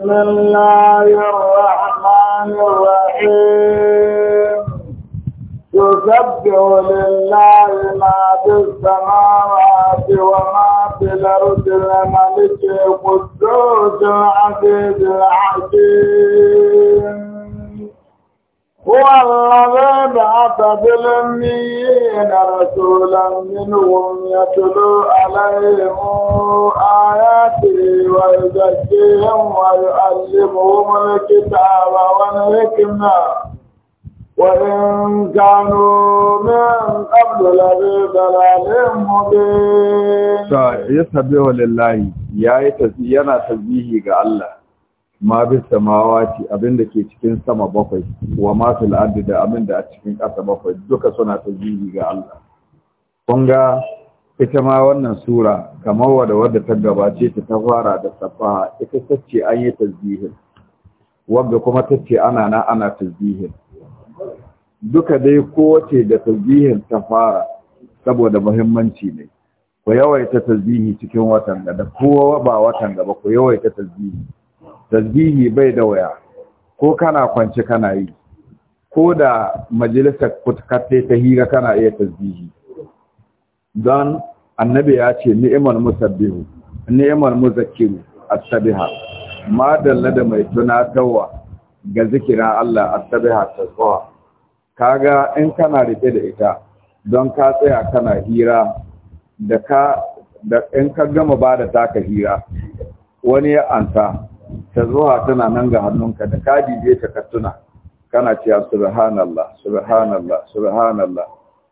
بسم الله الرحمن الرحيم يسبح لله ما في السماوات وما في الأرض الملك القدوس العزيز الحكيم هو الذي بعث بالأميين رسولا منهم يتلو عليهم آياته ويزكيهم ويعلمهم الكتاب والحكمة وإن كانوا من قبل لفي ضلال مبين. يسبح لله يا يتسبيح الله ma bi samawati abinda ke cikin sama bakwai wa ma fil ardi da abinda a cikin ƙasa bakwai duka suna tasbihi ga Allah kun ga ita ma wannan sura kamar da wadda ta gabace ta ta fara da safa ita tace an yi tasbihin Wanda kuma tace ana na ana tasbihin duka dai kowace da tasbihin ta fara saboda muhimmanci ne ku yawaita tazihi cikin watan da kowa ba watan gaba ku yawaita tazihi tasbihi bai da waya ko kana kwance kana yi ko da majalisar kutkatte ta hira kana iya tasbihi don annabi ya ce ni'mal musabbihu ni'mal muzakiru astabiha ma dalla da mai tunatarwa ga zikira Allah astabiha tsawa kaga in kana rike da ita don ka tsaya kana hira da ka da in ka gama ba da taka hira wani ya ansa ta zuwa tana nan ga hannunka da ka dibe ta ka tuna kana cewa subhanallah subhanallah subhanallah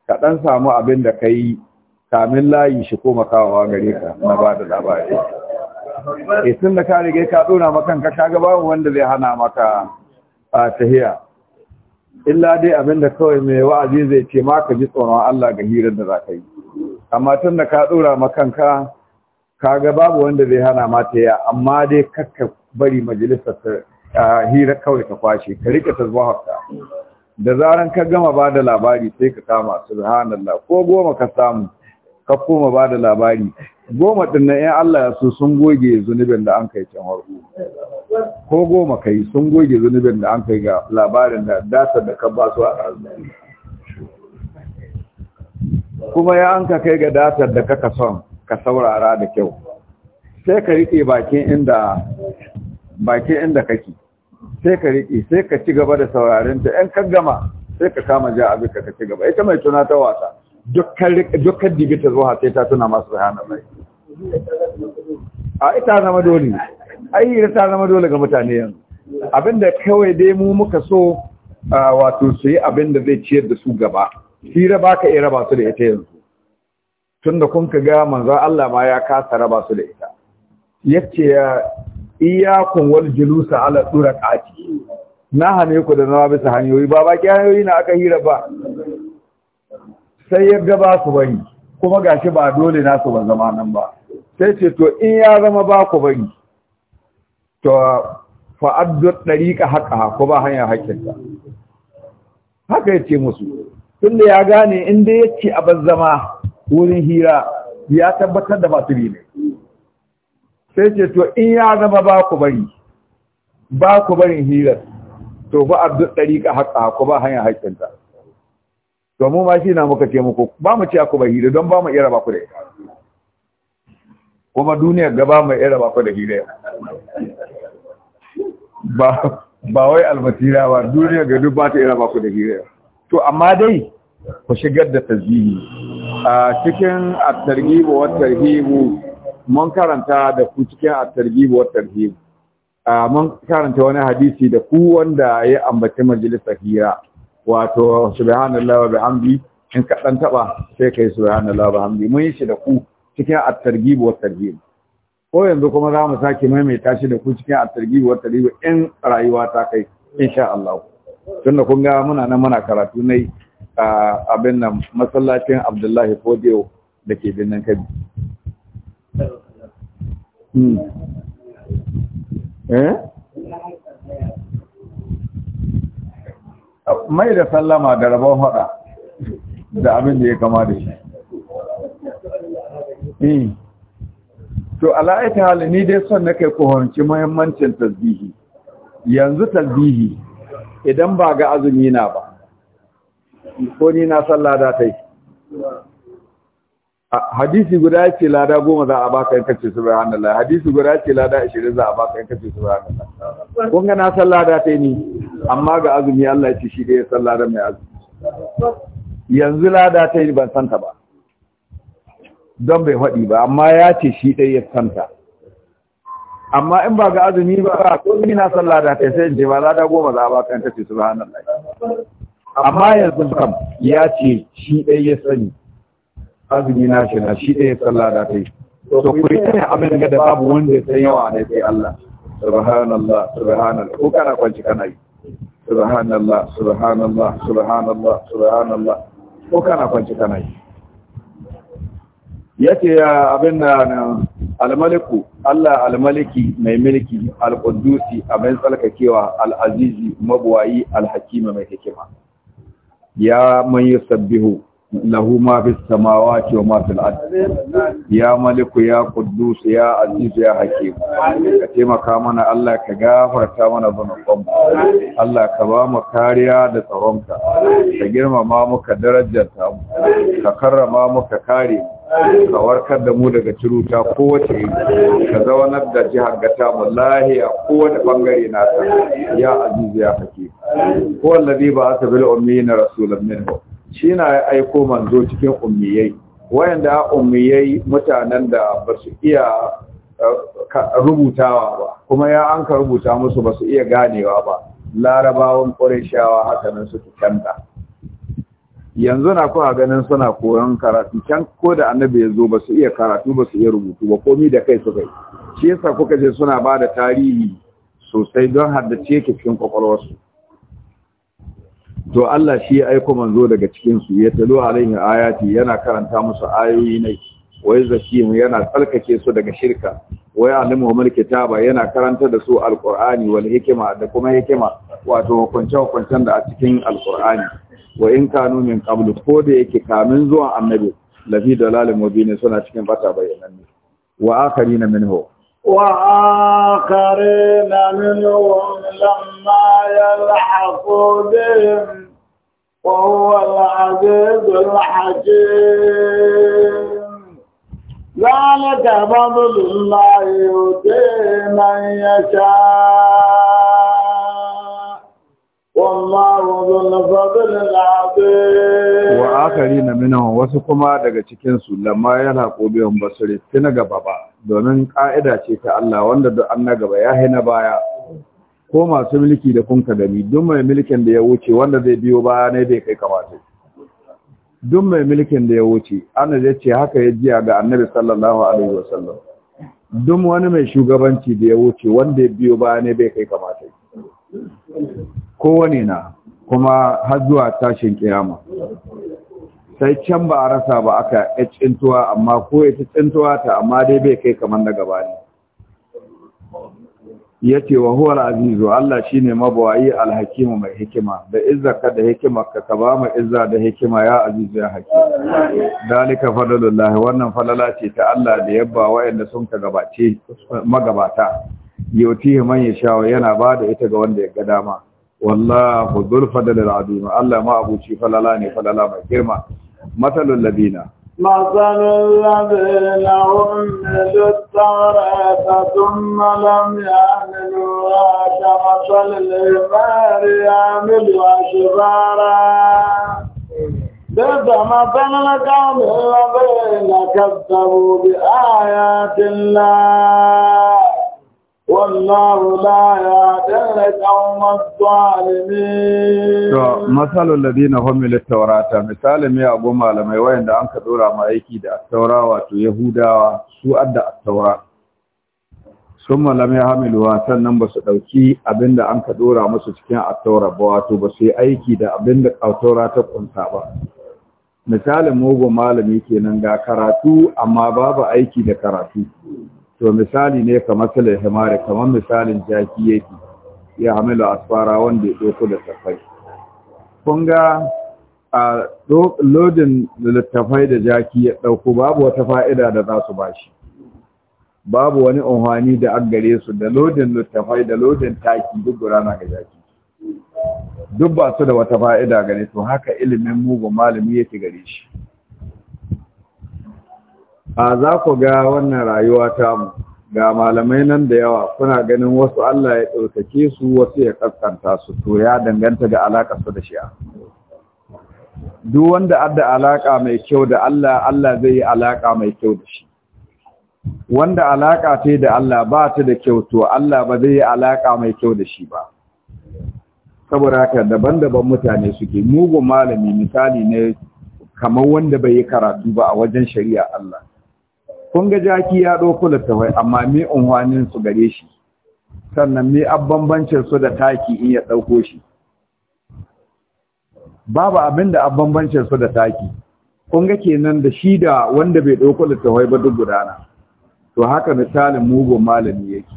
ka dan samu abin da ka yi kamin layi shi ko kawawa gare ka na ba da labari E tun da ka rige ka dora makan ka kaga babu wanda zai hana maka tahiya illa dai abin da kawai mai wa'azi zai ce ma ka ji tsoron Allah ga hirar da za ka yi amma tun da ka dora maka ka kaga babu wanda zai hana ma tahiya amma dai kakka bari majalisar ta hira kawai ta kwashe ka rike hafta da zaran ka gama ba da labari sai ka kama subhanallah ko goma ka samu ka koma ba da labari goma din nan ɗan Allah ya so sun goge zunubin da an kai can warko, ko goma kai sun goge zunubin da an kai ga labarin da data da ka ba su a ɗazu kuma ya an ka kai ga datar da kaka son ka saurara da kyau sai ka riƙe bakin inda baki inda kake sai ka riƙe sai ka ci gaba da sauraren ta ‘yan kaggama sai ka kama ja abin ka ci gaba ita mai tuna ta wasa dukkan digita zuwa sai ta tuna masu rahana mai a ita zama dole Ayi, ta zama dole ga mutane yanzu Abin da kawai dai mu muka so wato su yi da zai ciyar da su gaba hira baka ka iya raba su da ita yanzu tun da kun ka ga manzan Allah ma ya kasa raba su da ita yace iyakun wal julusa ala turaqati na hane ku da zama bisa hanyoyi ba baki hanyoyi na aka hira ba sai yadda ba su bari kuma gashi ba dole na su ba zama nan ba sai ce to in ya zama ba ku bari to fa addu dariqa haqa ko ba hanya ka. haka yace musu tunda ya gane inda dai yace a zama wurin hira ya tabbatar da ba su ne sai ce to in ya zama ba ku bari ba ku barin hirar to ba duk dariqa haƙa ku ba hanya haƙƙinta to mu ma shi na muka ce muku ba mu ci ku ba hirar don ba mu iya raba ku da hirar kuma ga ba mu iya raba ku da hirar. ba ba wai albatira ba duniya ga duk ba ta iya raba ku da hirar. to amma dai ku shigar da tazihi a cikin at-targhib wa at-tarhib mun karanta da ku cikin at-targhib wa tarhib mun karanta wani hadisi da ku wanda ya ambaci majalisar hira wato subhanallahi wa bihamdi in ka dan taba sai kai subhanallahi wa bihamdi mun yi shi da ku cikin at-targhib wa tarhib ko yanzu kuma za mu mai maimaita shi da ku cikin at-targhib wa tarhib in rayuwa ta kai insha Allah tunda kun ga muna nan muna karatu ne a abin nan masallacin Abdullahi Fodio da ke binnan Kabi Hmm. Eh? mai da sallama da rabon hada da abin da ya kama da shi hmm. to ala'ita hali ni dai son na kai kohonci muhimmancin tasbihi yanzu tasbihi idan ba ga azumi na ba ko ni na sallah ta yi hadisi guda ce lada goma za a baka in kace subhanallah hadisi guda ce lada 20 za a baka in kace subhanallah kun ga na san lada ta ni amma ga azumi Allah ya ce shi ya san lada mai azumi yanzu lada ta ni ban santa ba don bai faɗi ba amma ya ce shi dai ya santa amma in ba ga azumi ba ko ni na san lada ta sai in ce ba lada goma za a baka in kace subhanallah amma yanzu kam ya ce shi dai ya sani azumi na shi na shi ɗaya sallah da ta yi to ku yi ne abin ga da babu wanda ya yawa ne sai Allah subhanallah subhanallah ko kana kwanci kana yi subhanallah subhanallah subhanallah subhanallah ko kana kwanci kana yi yake ya abin da na almaliku Allah almaliki mai mulki alqudusi abin kewa alazizi mabuwayi alhakima mai hikima ya man sabbihu. lahu ma fi samawati wa ma fil ya maliku ya quddus ya aziz ya hakim ka taimaka mana Allah ka gafarta mana zunuban Allah ka ba mu kariya da tsaronka ka girmama muka darajarta mu ka karrama muka kare mu ka warkar da mu daga ciruta kowace iri ka zaunar da jihar gata mu lahiya kowane bangare nasa ya aziz ya hakim ko allazi ba asa bil ummiyina rasulan shi na aiko manzo cikin ummiyai wayanda ummiyai mutanen da ba su iya eh, rubutawa ba kuma ya an ka rubuta musu ba su iya ganewa ba larabawan shawa haka nan su canza yanzu na kuwa ganin suna koyon karatu can ko da annabi ya zo ba su iya karatu ba su iya rubutu ba komi da kai suka yi shi yasa kuka ce suna ba da tarihi sosai don haddace cikin kwakwalwarsu to Allah shi ya aiko manzo daga cikin su ya talo alaihi ayati yana karanta musu ayoyi ne wai mu yana tsalkake su daga shirka wai alimu mal kitaba yana karanta da su alqur'ani wal hikima da kuma hikima wato hukunce hukuncen da a cikin alqur'ani wa in kanu min qablu ko da yake kamin zuwan annabi lafi dalalin mubin suna cikin bata bayanan ne, wa akharina minhu وآخرين منهم لما يلحقوا بهم وهو العزيز الحكيم ذلك فضل الله يؤتيه من يشاء wa akari na العظيم wasu kuma daga cikin su lamma yana biyan basiri tuna gaba ba domin ka'ida ce ta Allah wanda duk an na gaba ya na baya ko masu mulki da kun da ni, duk mai mulkin da ya wuce wanda zai biyo baya ne bai kai kamata duk mai mulkin da ya wuce ana zai ce haka ya jiya ga annabi sallallahu alaihi wasallam duk wani mai shugabanci da ya wuce wanda ya biyo baya ne bai kai kamata kowane na kuma har zuwa tashin kiyama sai can ba a rasa ba aka ya tsintuwa amma ko ya ci tsintuwa ta amma dai bai kai kamar na gaba ne ya ce wa huwar azizu Allah shi ne mabawai alhakimu mai hikima da ka da hikima ka ka ba mu izza da hikima ya azizu ya haki. dalika fadlullahi wannan falala ce ta Allah da yabba wa'anda sun ka gabace magabata yutihi man yasha yana bada ita ga wanda ya ga dama wallahu dhul fadl al azim Allah ma abuci falala ne falala mai girma masalul ladina مثل الذين أملوا التوراة ثم لم يعملوها كمثل الحمار يعمل أشفارا بئس مثل القوم الذين كذبوا بآيات الله والله لا to masalul ladina humilu taurata, misali mai abu malamai wayanda an ka dora ma aiki da taura wato yahudawa su adda taura sun malamai hamiluwa sannan ba su ɗauki abinda an ka dora musu cikin attaura ba wato ba su yi aiki da abinda taura ta kunta ba Misali mugun malami kenan ga karatu amma babu aiki da karatu to misali ne kamar tilin himari kamar misalin jaki yake ya hamilu asfara wanda ya doko da tafai kun ga a lodin littafai da jaki ya ɗauko babu wata fa'ida da za su ba shi babu wani unhwani da an gare su da lodin littafai da lodin taki duk gurana ga jaki duk ba su da wata fa'ida gare to haka ilimin mugun malami yake gare shi a za ku ga wannan rayuwa tamu ga malamai nan da yawa kuna ganin wasu Allah ya ɗaukake su wasu ya kaskanta su to ya danganta ga alaƙa su da shi duk wanda adda alaƙa mai kyau da Allah Allah zai yi alaƙa mai kyau da shi wanda alaƙa ta da Allah ba ta da kyau to Allah ba zai yi alaƙa mai kyau da shi ba saboda haka daban-daban mutane suke mugun malami misali ne kamar wanda bai yi karatu ba a wajen shari'a Allah kun ga jaki ya ɗauko littafai amma me unhwanin su gare shi sannan me abbanbancin su da taki in ya ɗauko shi babu abin da abbanbancin su da taki kun ga kenan da shi da wanda bai ɗauko littafai ba duk gudana to haka misalin mugun malami yake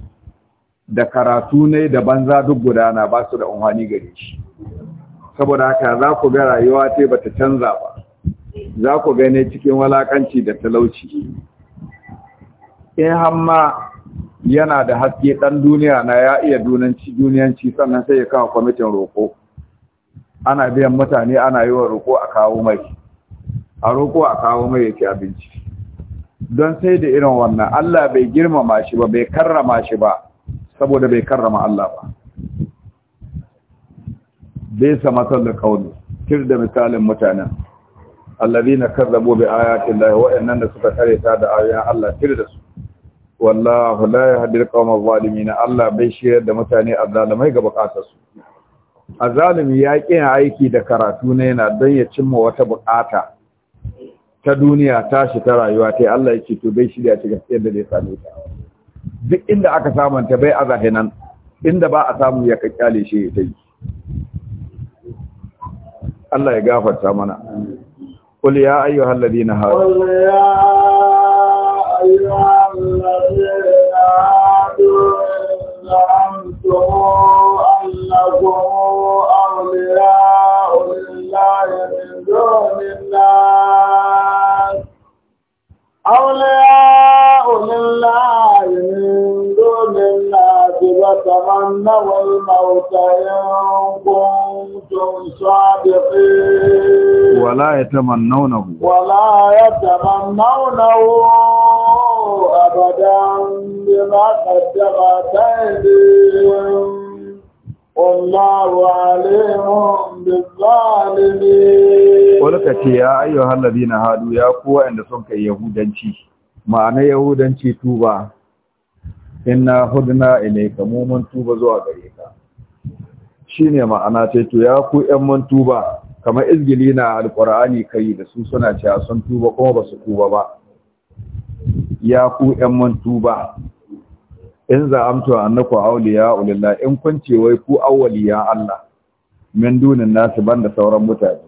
da karatu ne da banza duk gudana ba su da unhwani gare shi saboda haka za ku ga rayuwa ce bata canza ba za ku gane cikin walakanci da talauci in hamma yana da haske ɗan duniya na ya iya dunanci duniyanci sannan sai ya kawo kwamitin roƙo ana biyan mutane ana yi wa roƙo a kawo mai a roƙo a kawo mai yake abinci don sai da irin wannan Allah bai girmama shi ba bai karrama shi ba saboda bai karrama Allah ba bai sa matsar da kauni kir da misalin mutanen allazina kazzabu bi ayati llahi wa'annan da suka kare ta da ayoyin Allah kir da su wallahu la yahdi al-qawma adh Allah bai shiryar da mutane azalimai ga bukatarsu azalimi ya ƙi aiki da karatu na yana don ya cimma wata bukata ta duniya tashi ta rayuwa ta Allah ya ce to bai shirya ta gaskiyar da zai same ta duk inda aka samu ta bai azahin nan inda ba a samu ya kakkyale shi ya tai Allah ya gafarta mana qul ya ayyuhal ladina hadu qul ya ayyuhal Na'urar mautayin hukumtun su a biki. Wala ya taɓa nuna mu. Wala ya taɓa nuna mu. ka taɓa ta yi biyu. Unnar na hadu ya kowa inda sun kai Yahudanci. Ma Yahudanci tuɓa. inna hudna ilayka mu mun tuba zuwa gare ka shine ma'ana ce to ya ku ƴan mun tuba kamar izgili na alqur'ani kai da su suna cewa sun tuba kuma ba su tuba ba ya ku ƴan mun tuba in za amtu annaku auliya, ulilla in kun ce wai ku awliya Allah min dunin nasu banda sauran mutane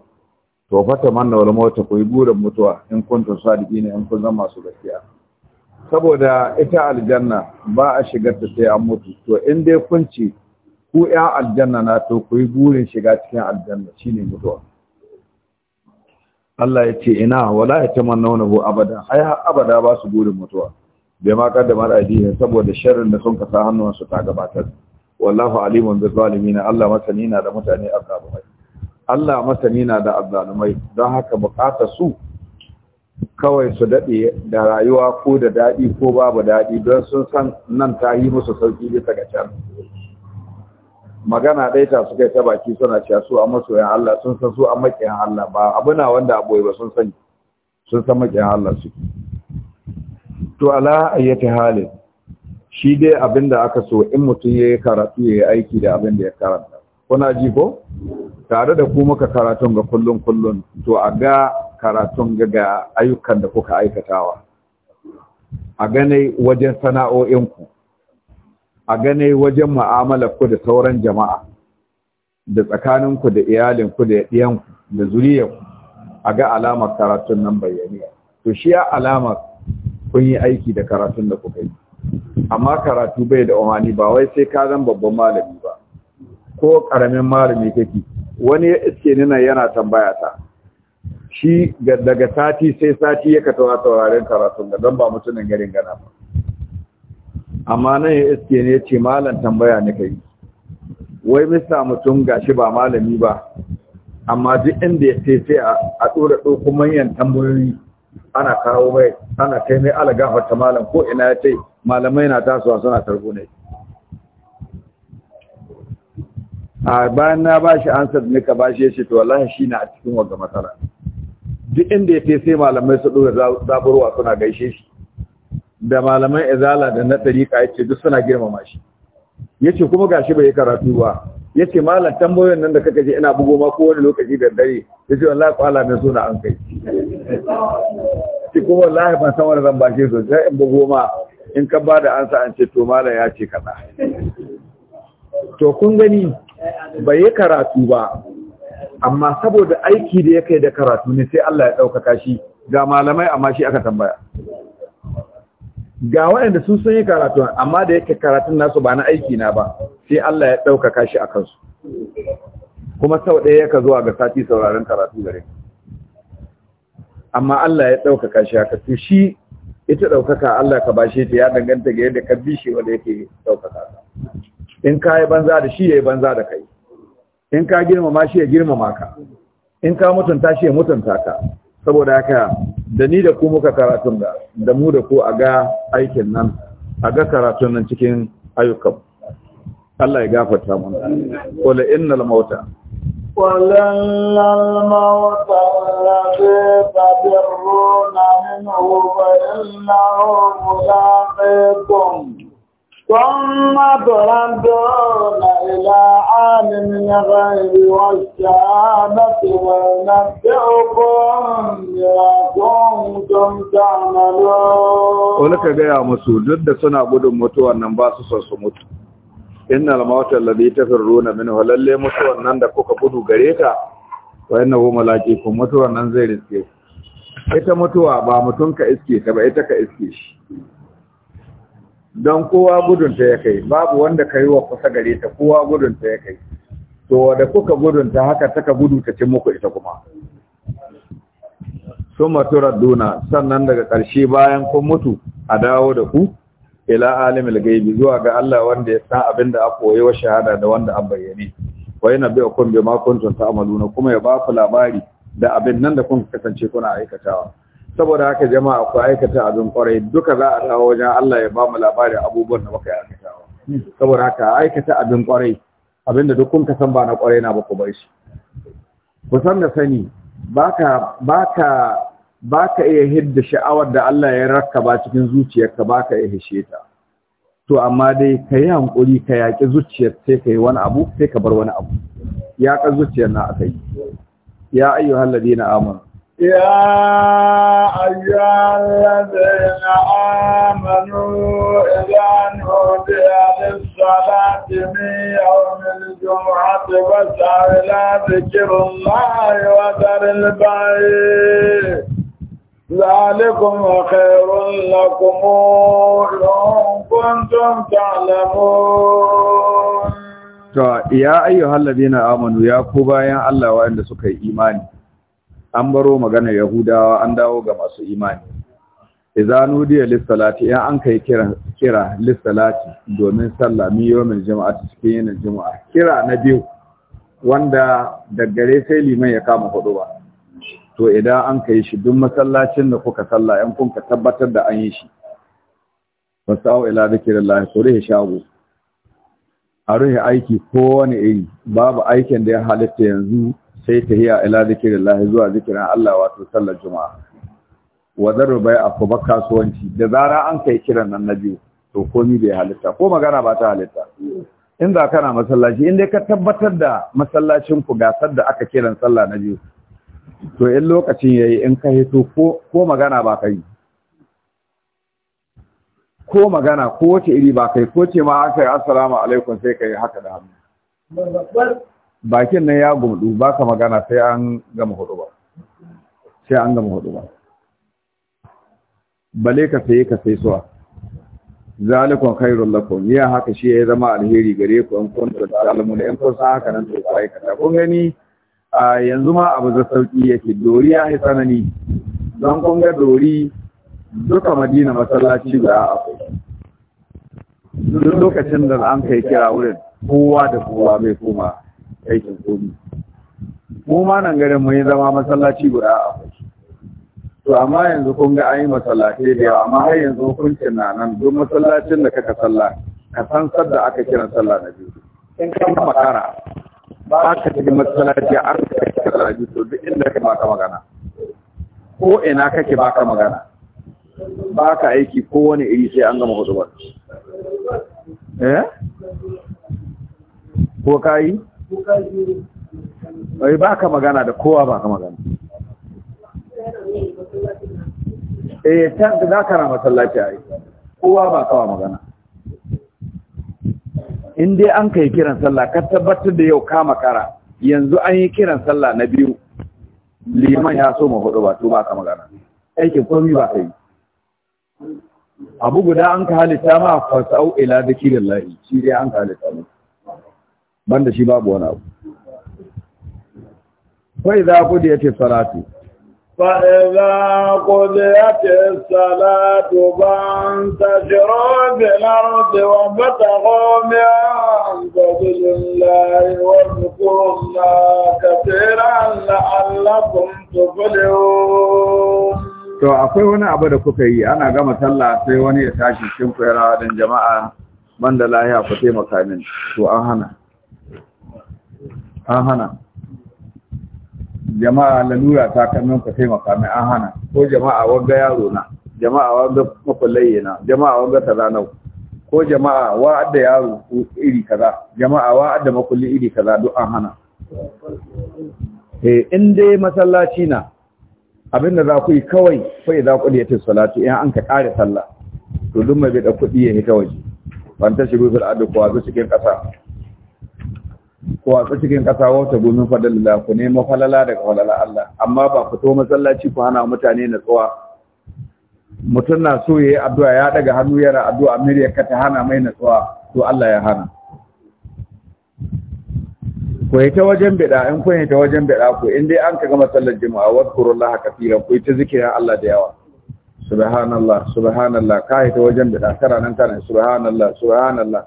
to fata manna wal mauta ku yi burin mutuwa in kuntum sadiqina in kun zama su gaskiya saboda ita aljanna ba a shigar ta sai an mutu to in dai kun ce ku ya aljanna na to ku yi burin shiga cikin aljanna shine mutuwa Allah ya ce ina wala ya tamannawna hu abada ai abada ba su burin mutuwa bai ma kaddamar addini saboda sharrin da sun kasa su ta gabatar wallahu alimun bi zalimin Allah masani na da mutane azzalumai Allah masani na da azzalumai don haka bukatar su kawai su daɗe da rayuwa ko da daɗi ko babu daɗi don sun san nan ta yi musu sauƙi bisa ga can magana ɗaya ta su kai ta baki suna cewa su a masoyan Allah sun san su a maƙiyan Allah ba abu na wanda aboye ba sun sani sun san maƙiyan Allah su to ala ayyati halin shi dai abin da aka so in mutum ya yi karatu ya yi aiki da abin da ya karanta kuna ji ko tare da ku muka karatun ga kullum kullum to a ga karatun ga ayyukan da kuka aikatawa a gane wajen sana'o'inku a gane wajen ku da sauran jama'a da tsakaninku da iyalinku da ɗiyanku da zuriyarku a ga alamar karatun nan bayyane to shi ya alamar kun yi aiki da karatun da kuka yi amma karatu bai da umarni ba wai sai ka zan babban malami ba ko ƙaramin malami kake wani ya iske nuna yana tambaya ta shi daga sati sai sati ya ka tawa karatun da don ba mutunan garin gana ba amma nan ya iske ne ce malam tambaya ne kai wai mista mutum gashi ba malami ba amma duk inda ya ce sai a ɗora ɗoku manyan tambayoyi ana kawo mai ana kai mai alagafar ta malam ko ina ya ce malamai na tasowa suna tarbo ne a bayan na ba shi ansar ka ba shi ya ce to wallahi shi na a cikin wanga matsala duk inda ya sai malamai su ɗora zaburwa suna gaishe shi da malaman izala da na ya ce duk suna girmama shi Ya ce kuma gashi bai karatu ba Ya ce malam tambayoyin nan da kaka je ina bugo ma ko wani lokaci da dare Ya ce wallahi kwala mai suna an kai shi kuma wallahi ban san wani zambashi bashe so sai in bugo ma in ka ba da ansa an ce to malam ya ce kaza to kun gani bai yi karatu ba amma saboda aiki da ya kai da karatu ne sai Allah ya ɗaukaka shi ga malamai amma shi aka tambaya ga waɗanda sun sun yi karatu amma da yake karatun nasu ba na aiki na ba sai Allah ya ɗaukaka shi a kansu kuma sau ɗaya yaka zuwa ga sati sauraron karatu gare amma Allah ya ɗaukaka shi haka to shi ita ɗaukaka Allah ka bashe ta ya danganta ga yadda ka bishe wanda yake ɗaukaka in ka yi banza da shi ya yi banza da kai in ka girmama shi ya girmama ka in ka mutunta shi ya mutunta ka saboda haka da ni da ku muka karatun da da mu da ku a ga aikin nan a ga karatun nan cikin ayyukan Allah ya gafarta mana qul innal mauta mauta la الموت الذي تفرون منه فإنه mulaqikum ثم تردون إلى عالم الغيب والشهادة وينبئكم بما كنتم تعملون. ولك يا مسعود ضد سنة بدون متوى النباس سموت. inna al-mawta alladhi tafirruna minhu lalle mutuwan nan da kuka gudu gare ta wa innahu nan zai riske ita mutuwa ba mutun ka iske ta ba ita ka iske shi don kowa gudunta ya kai babu wanda ka yi wa kusa gare ta kowa gudunta ya kai to da kuka gudunta haka ta ka gudu ta ce muku ita kuma sun maturar duna sannan daga ƙarshe bayan kun mutu a dawo da ku ila alimul gaibi zuwa ga Allah wanda ya san abin da a koyi wa shahada da wanda an bayyane wa yana bi akum bi ma kuntum ta'maluna kuma ya ba ku labari da abin nan da kun kasance kuna aikatawa saboda haka jama'a ku aikata abin kwarai duka za a dawo wajen Allah ya ba mu labarin abubuwan da muka yi aikatawa saboda haka aikata abin kwarai abinda duk kun san ba na kwarai na ba ku bar shi ku san da sani baka baka baka iya hidda sha'awar da Allah ya rakkaba cikin zuciyarka baka iya hishe ta to amma dai ka yi hankuri ka yaƙi zuciyar sai ka yi wani abu sai ka bar wani abu ka zuciyar na aka yi ya ayyuhal ladina amanu يا أيها الذين آمنوا إذا نودي للصلاة من يوم الجمعة فاسعوا إلى ذكر الله وذر البيع ذلكم خير لكم إن كنتم تعلمون. يا أيها الذين آمنوا يا كوبا يا الله وإن سكي إيماني. an baro maganar yahudawa an dawo ga masu imani izanu nudiya lis in an kai kira kira domin sallah mi jama'a jama'a cikin yanar jama'a kira na biyu wanda daggare sai liman ya kama hudu ba to idan an kai shi duk masallacin da kuka sallah in kun tabbatar da an yi shi wasau ila ku shago a aiki wani iri babu aikin da ya halitta yanzu sai ta hiya ila lahi zuwa zikirin Allah wato sallar juma'a wa daru bai akuba kasuwanci da zara an kai kiran nan na biyu to komi bai halitta ko magana ba ta halitta in za kana masallaci in dai ka tabbatar da masallacin ku gasar da aka kiran sallah na biyu to in lokacin yayi in ka hito ko ko magana ba kai ko magana ko wace iri ba kai ko ce ma aka yi assalamu alaikum sai kai haka da hannu bakin nan ya gumdu ba ka magana sai an gama hudu ba sai an gama hudu ba bale ka sai ka sai suwa zalikon khairul lakum ya haka shi ya zama alheri gare ku an kunta salamu da an kun san haka nan to ka ta kun gani yanzu ma abu za sauki yake dori ya sanani don kun ga dori duka madina masallaci da akwai duk lokacin da an kai kira wurin kowa da kowa bai koma aikin komi mu ma nan garin mun yi zama masallaci guda a akwai to amma yanzu kun ga an yi da yawa amma har yanzu hukuncin na nan duk masallacin da kaka salla ka san sadda aka kira sallah na biyu in ka makara ba ka tafi masallaci a arka kira salla biyu to duk inda ka baka magana ko ina kake baka magana ba ka aiki ko wani iri sai an gama ba. eh ko ka yi bai ba ka magana da kowa ba ka magana eh can da za ka na masallaci a yi kowa ba kawa magana in dai an yi kiran sallah ka tabbatar da yau kama kara yanzu an yi kiran sallah na biyu liman ya so ma hudu ba to ba ka magana aikin komi ba yi. abu guda an ka halitta ma fasau ila da zikirillahi shi dai an ka halitta mu banda shi babu wani abu kai za ku da yake salati fa'iza ku da yake salatu ban tashiro belar dewa bata home an gobe lullahi wasu kuma katiran la'allakun tukule to akwai wani abu da kuka yi ana gama talla sai wani ya tashi shinkwera don jama'a banda lahiya ku taimaka min to an hana an hana jama'a lalura ta kamin ka taimaka mai an hana ko jama'a wanga yaro na jama'a wanga makullaye na jama'a wanga zanau ko jama'a wa adda yaro iri kaza jama'a wa adda makulli iri kaza duk an hana eh in dai masallaci na abinda za ku yi kawai fa za ku liyata salatu in an ka kare sallah to duk mai da kuɗi ya hita waje ban shi shigo fil adu ko cikin ƙasa ko a cikin ƙasa wata gumin fadalila ku nemo falala daga falala Allah amma ba fito masallaci ku hana mutane na tsawa mutum na so yayi addu'a ya daga hannu yana addu'a murya ka ta hana mai natsuwa to Allah ya hana ku yi ta wajen bida in kun yi ta wajen bida ku in dai an kaga masallar jima'a wadkurullaha kafiran ku yi ta zikirin Allah da yawa subhanallah subhanallah ka yi ta wajen bida kana nan kana subhanallah subhanallah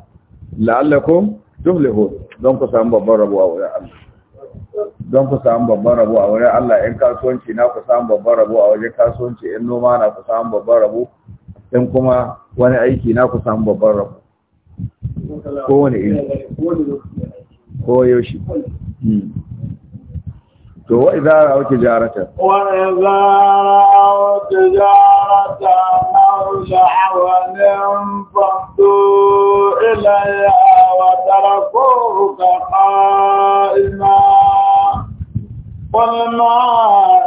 la'allakum tuflihu don ku samu babban rabo a wurin Allah don ku samu babban rabo a wurin Allah in kasuwanci na ku samu babban rabo a wajen kasuwanci in noma na ku samu babban rabo in kuma wani aiki na ku samu babban rabo ko wani ko yaushe hmm. وإذا رأوا او تجارته و اذا او تجارته او لعوان فقدوا اليها وتركوك قائما قل ما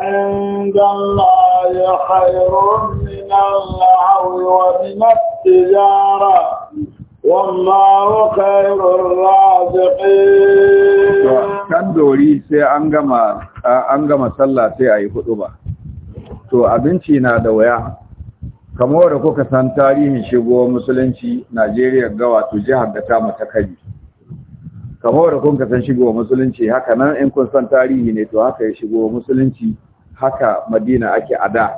عند الله خير من العو ومن التجاره والله خير الرازقين kan dori sai an gama an gama sallah sai ayi hudu ba to abinci na da waya kamar da kuka san tarihin shigowar musulunci Najeriya ga wato jihar da ta mata kai, kamar da kuka san shigowar musulunci haka nan in kun san tarihi ne to haka ya shigo musulunci haka Madina ake ada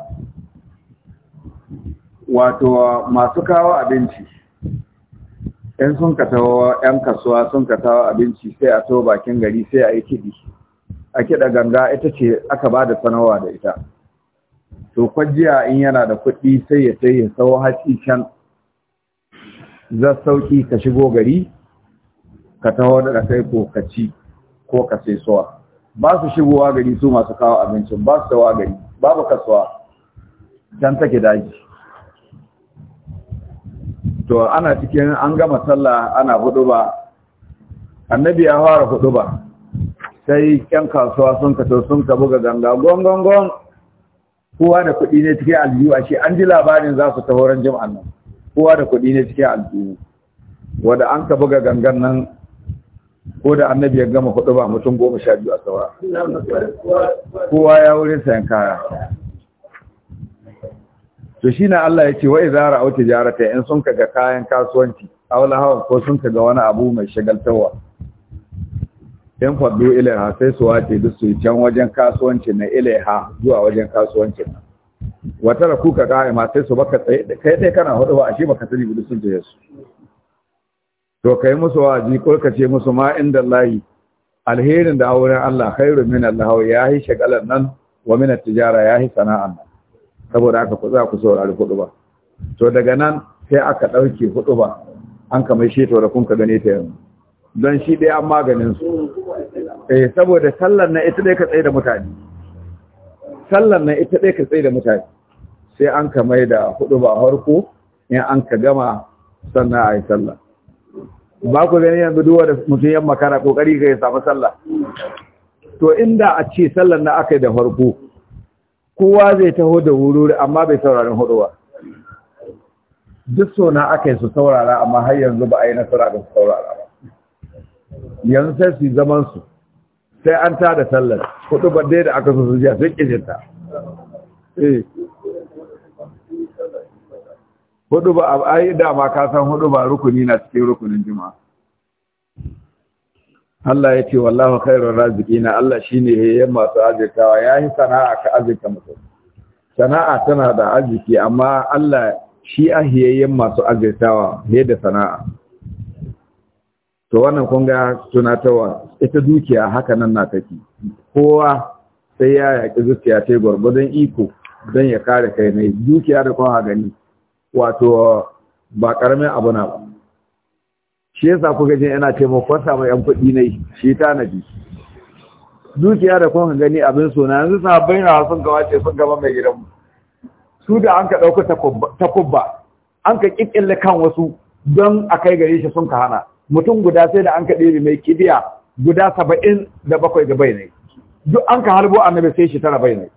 wato masu kawo abinci in sun ka yan kasuwa sun ka abinci sai a tawo bakin gari sai a yi kiɗi a kiɗa ganga ita ce aka ba da sanarwa da ita to kwajiya in yana da kuɗi sai ya sai ya sau hatsi can za sauƙi ka shigo gari ka taho da kai ko ka ci ko ka sai suwa ba su shigowa gari su masu kawo abincin ba su tawa gari babu kasuwa can take daji to ana cikin an gama sallah ana ba annabi ya fara ba sai yan kasuwa sun kato sun ka buga ganga gongongon kowa da kuɗi ne cikin aljihu a shi an ji labarin za su taho ran jama'an nan kowa da kuɗi ne cikin aljihu wanda an ka buga gangan nan ko da annabi ya gama hudu ba mutum goma sha biyu a sawa kowa ya wurin sayan kaya to shi na Allah ya ce wa izara au tijarata in sun kaga kayan kasuwanci aula hawa ko sun kaga wani abu mai shagaltawa in faddu ilaiha sai su wace duk su can wajen kasuwanci na ilaiha zuwa wajen kasuwanci na. wata da kuka ma sai su baka tsaye kai dai kana hudu ba a ba baka sani gudu sun je su to kai musu waji ko ka ce musu ma inda layi. alherin da auren Allah khairu min Allah ya yi shagalan nan wa min at-tijara ya yi sana'an nan saboda aka ku za ku saurari hudu ba to daga nan sai aka ɗauke hudu ba an kama shi to da kun ka gane ta yanzu don shi dai an maganin su eh saboda sallar na ita dai ka tsaye da mutane sallar na ita dai ka tsaye da mutane sai an kama da hudu ba harko in an ka gama sannan a yi sallah ba ku gani yanzu duwa da mutum yamma makara kokari ka yi samu sallah to inda a ce sallar na aka yi da farko kowa zai taho da wuri amma bai sauraron ba. duk sona aka yi su saurara amma har yanzu ba a yi nasara da su saurara ba yanzu sai su zaman su sai an ta da sallar hudu ba dai da aka su zuciya sun kijinta eh. hudu ba a yi dama ka san hudu ba rukuni na cikin rukunin jima'a Allah ya ce wallahu khairur raziqina Allah shine yayin masu azirtawa yayi sana'a ka azirta musu sana'a tana da arziki amma Allah shi ahiyayyen masu azirtawa ne da sana'a to wannan kun ga tunatawa ita dukiya haka nan na take kowa sai ya yaki zuciya ta gwargwadon iko dan ya kare kai ne dukiya da kowa gani wato ba karamin abu na ba shi yasa kuka jin yana taimakon sa mai yan kuɗi ne shi tanadi dukiya da kun gani abin suna yanzu sabbin na sun ce sun gaba mai gidanmu su da an ka ɗauka takubba an ka ƙiƙƙille kan wasu don a kai gare shi sun ka hana mutum guda sai da an ka ɗiri mai kibiya guda saba'in da bakwai da bai ne duk an ka harbo annabi sai shi tara bai ne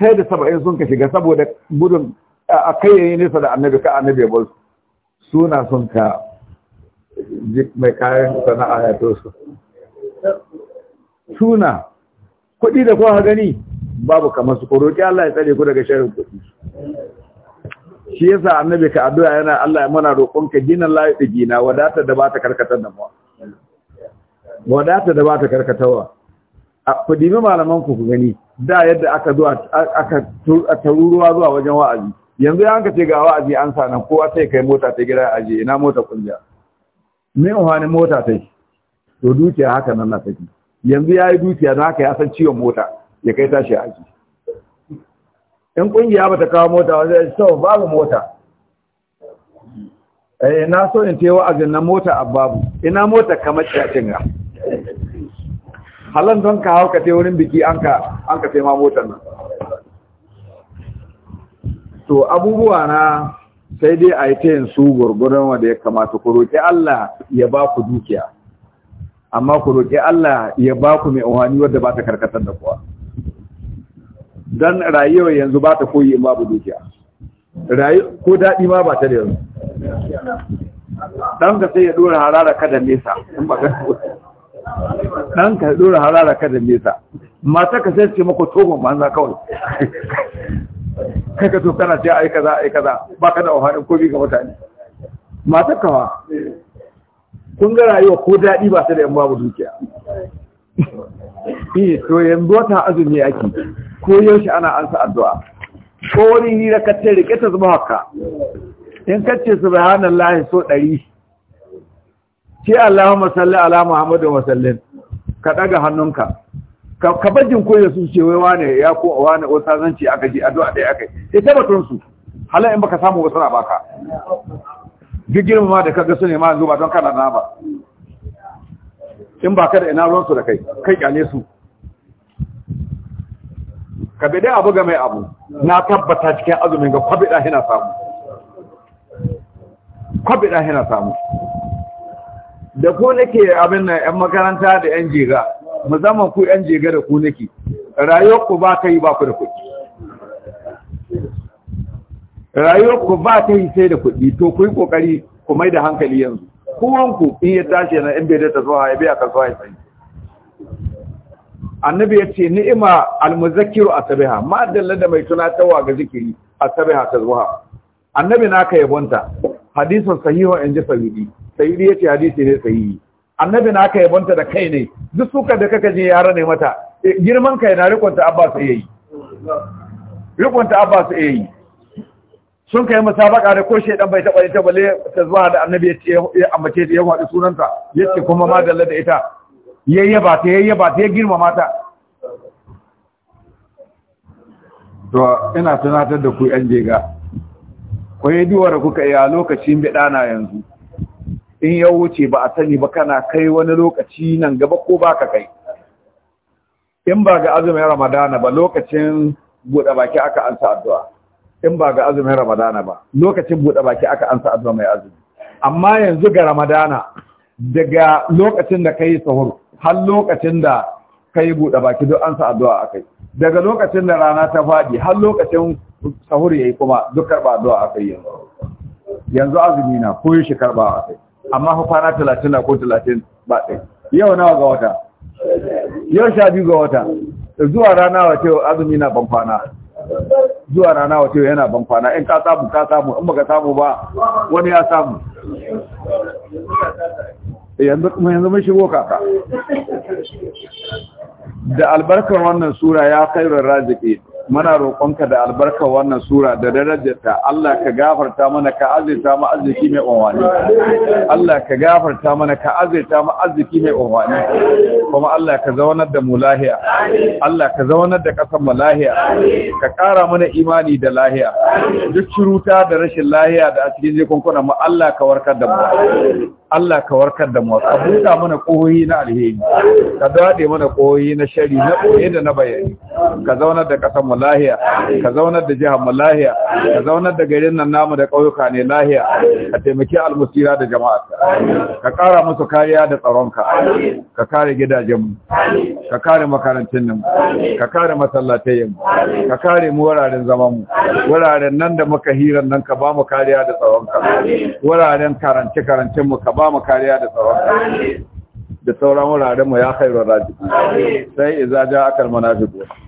sai da saba'in sun ka shiga saboda gudun a kai yayi nesa da annabi ka annabi ya bar su suna sun ka mai kayan sana'a ya to su suna kuɗi da kowa gani babu kamar su roƙi Allah ya tsare ku daga sharin kuɗi shi yasa annabi ka addu'a yana Allah ya mana roƙon ka gina layu da gina wadata da ba ta karkatar da mu wadata da ba ta karkatawa ku dimi malaman ku ku gani da yadda aka zuwa aka taruruwa zuwa wajen wa'azi yanzu ya hanka ce ga wa'azi an sa nan kowa sai kai mota ta gida aje ina mota kunja me wani mota ta to dukiya haka nan na take yanzu ya yi dukiya don haka ya san ciwon mota ya kai tashi aji in kungiya ba ta kawo mota wanda zai so babu mota eh na so in tewa a na mota a babu ina mota kamar cacin ga halan don ka hauka te wurin biki an ka an ma motar nan to abubuwa na sai dai a yi ta yin su gurgurin wanda ya kamata ku roƙi Allah ya ba ku dukiya amma ku roƙi Allah ya ba ku mai ohani wadda ba ta karkatar da kuwa don rayuwar yanzu ba ta koyi in babu dukiya ko daɗi ma ba ta da yanzu ɗanka sai ya ɗora harara kada nesa ɗanka ya ɗora harara kada nesa mata ka sai ce maka togon banza kawai kai ka to kana ce yi kaza a yi kaza ba ka da oharin kobi ga mutane matar kawa kun ga rayuwa ko daɗi ba su da yan babu dukiya eh to yanzu wata azumi ake ko yaushe ana ansa addu'a ko wani hira ka ce rike ta zuba haka in ka ce su bayanan lahi so ɗari ce Allahumma salli ala Muhammadu wa ka ɗaga hannunka ka bajin koyi da su ce wai wane ya ko wane wata zanci aka ji a dai aka yi sai tabbatun su hala in baka samu wasu na baka duk ma da kaga su ne ma zuba don kana na ba in ba ka da ina ruwan su da kai kai kyale su ka bi dai abu ga mai abu na tabbata cikin azumin ga kwabida hina samu kwabida hina samu da ko nake abin nan yan makaranta da yan jira musamman ku yan jega da ku nake rayuwar ku ba ta yi ba ku da kuɗi rayuwar ku ba ta yi sai da kuɗi to ku yi kokari ku mai da hankali yanzu ku in ya tashi yana in bai da ta zuwa ya biya ka zuwa ya annabi ya ce ni'ima almuzakkiru asabiha ma dalla da mai tunatarwa ga zikiri asabiha ta zuwa annabi naka yabonta hadisin sahihu in ji sahihi sahihi yace hadisi ne sahihi annabi na aka yabonta da kai ne duk suka da kaka je yara ne mata eh, girman kai na rikonta abba su yayi rikonta abba su yayi sun kai musabaka da ko shedan bai taba ita bale ta zuwa da annabi ya ce ya ambace ta ya wadi sunanta yace kuma ma dalla da ita ba ta ba ta ya girmama ta to ina tunatar da ku an jega ko da kuka yi a lokacin bidana yanzu in ya wuce ba a sani ba kana kai wani lokaci nan gaba ko ba ka kai in ba ga azumin ramadana ba lokacin buɗe baki aka ansa addu'a in ba ga azumin ramadana ba lokacin buɗe baki aka ansa addu'a mai azumi amma yanzu ga ramadana daga lokacin da kai sahur har lokacin da kai buɗe baki duk ansa addu'a akai daga lokacin da rana ta faɗi har lokacin sahur yayi kuma duk karɓa addu'a akai yanzu yanzu azumi na koyo shi karɓa akai amma fa kwana talatin na ko talatin ba ɗai yau nawa ga wata yau sha biyu ga wata zuwa rana wa tewa azumi na ban kwana zuwa rana wa tewa yana ban kwana in ka samu ka samu in baka samu ba wani ya samu yanzu kuma yanzu mun shigo kaka da albarkar wannan sura ya kairar raziki muna roƙonka da albarka wannan sura da darajarta Allah ka gafarta mana ka azirta mu arziki mai unwani Allah ka gafarta mana ka azirta mu arziki mai unwani kuma Allah ka zaunar da mu lahiya Allah ka zaunar da ƙasar mu lahiya ka ƙara mana imani da lahiya duk shiruta da rashin lahiya da a cikin jikunkuna mu Allah ka warkar da mu Allah ka warkar da mu ka buɗa mana ƙohoyi na alheri ka dade mana ƙohoyi na shari na ƙoye da na bayani ka zaunar da ƙasar mu lahiya ka zaunar da jihar mu lahiya ka zaunar da garin nan namu da ƙauyuka ne lahiya ka taimaki almusira da jama'a ka ƙara musu kariya da tsaronka ka kare gidajen mu ka kare makarantun nan ka kare masallatayen mu ka kare mu wuraren zaman mu wuraren nan da muka hiran nan ka ba mu kariya da tsaronka wuraren karance karancen mu ka ba mu kariya da tsaronka da sauran wuraren mu ya khairu rajiki sai iza ja akal munafiqun